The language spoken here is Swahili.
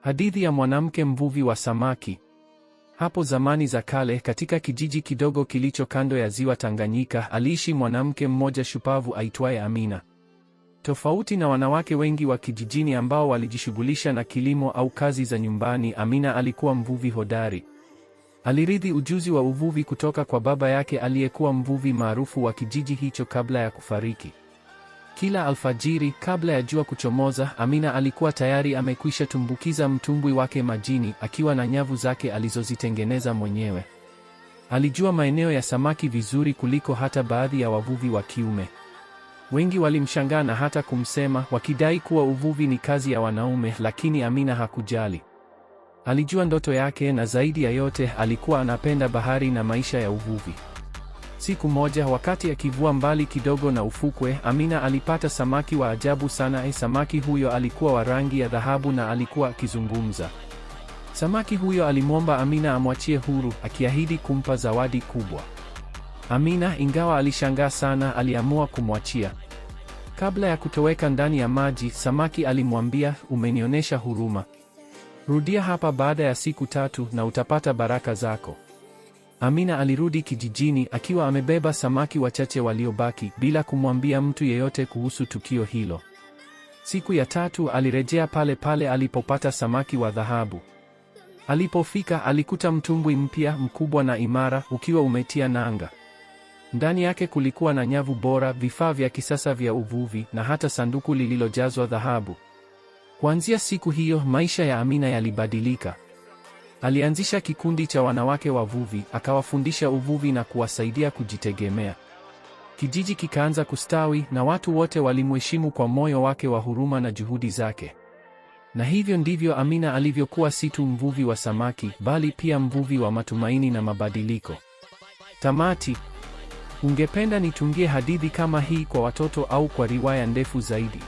Hadithi ya mwanamke mvuvi wa samaki. Hapo zamani za kale, katika kijiji kidogo kilicho kando ya ziwa Tanganyika, aliishi mwanamke mmoja shupavu aitwaye Amina. Tofauti na wanawake wengi wa kijijini ambao walijishughulisha na kilimo au kazi za nyumbani, Amina alikuwa mvuvi hodari. Alirithi ujuzi wa uvuvi kutoka kwa baba yake aliyekuwa mvuvi maarufu wa kijiji hicho kabla ya kufariki. Kila alfajiri kabla ya jua kuchomoza, Amina alikuwa tayari amekwisha tumbukiza mtumbwi wake majini akiwa na nyavu zake alizozitengeneza mwenyewe. Alijua maeneo ya samaki vizuri kuliko hata baadhi ya wavuvi wa kiume. Wengi walimshangaa na hata kumsema, wakidai kuwa uvuvi ni kazi ya wanaume, lakini Amina hakujali. Alijua ndoto yake na zaidi ya yote alikuwa anapenda bahari na maisha ya uvuvi. Siku moja wakati akivua mbali kidogo na ufukwe, Amina alipata samaki wa ajabu sana. E, samaki huyo alikuwa wa rangi ya dhahabu na alikuwa akizungumza. Samaki huyo alimwomba Amina amwachie huru, akiahidi kumpa zawadi kubwa. Amina, ingawa alishangaa sana, aliamua kumwachia. Kabla ya kutoweka ndani ya maji, samaki alimwambia, umenionyesha huruma. Rudia hapa baada ya siku tatu na utapata baraka zako. Amina alirudi kijijini akiwa amebeba samaki wachache waliobaki bila kumwambia mtu yeyote kuhusu tukio hilo. Siku ya tatu alirejea pale pale alipopata samaki wa dhahabu. Alipofika alikuta mtumbwi mpya mkubwa na imara ukiwa umetia nanga. Ndani yake kulikuwa na nyavu bora, vifaa vya kisasa vya uvuvi na hata sanduku lililojazwa dhahabu. Kuanzia siku hiyo maisha ya Amina yalibadilika. Alianzisha kikundi cha wanawake wavuvi, akawafundisha uvuvi na kuwasaidia kujitegemea. Kijiji kikaanza kustawi na watu wote walimheshimu kwa moyo wake wa huruma na juhudi zake. Na hivyo ndivyo Amina alivyokuwa si tu mvuvi wa samaki, bali pia mvuvi wa matumaini na mabadiliko. Tamati. Ungependa nitungie hadithi kama hii kwa watoto au kwa riwaya ndefu zaidi?